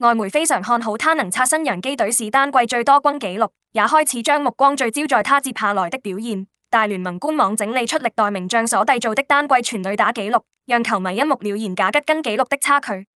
外媒非常看好他能刷新洋基隊史單季最多轟紀錄，也開始將目光聚焦在他接下來的表現。大聯盟官網整理出歷代名將所締造的單季全壘打紀錄，讓球迷一目了然賈吉跟紀錄的差距。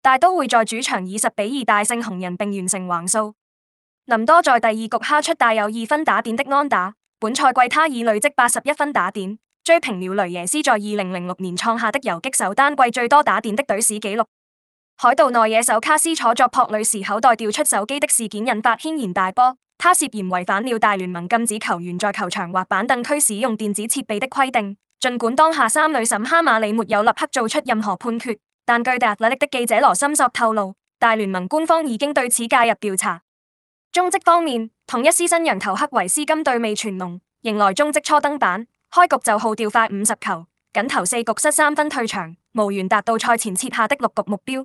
大都會在主場以十比二大勝紅人，並完成橫掃。林多在第二局敲出帶有二分打點的安打，本賽季他已累積八十一分打點，追平了雷耶斯在二零零六年創下的游擊手單季最多打點的隊史紀錄。海盜內野手卡斯坐作撲壘時口袋掉出手機的事件引發軒然大波。他涉嫌違反了大聯盟禁止球員在球場或板凳區使用電子設備的規定。儘管當下三壘審哈馬里沒有立刻做出任何判決，但據達拉的記者羅森索透露，大聯盟官方已經對此介入調查。中職方面，統一獅新人投克維斯今對味全龍迎來中職初登板，開局就耗掉快五十球，僅投四局失三分退場，無緣達到賽前設下的六局目標。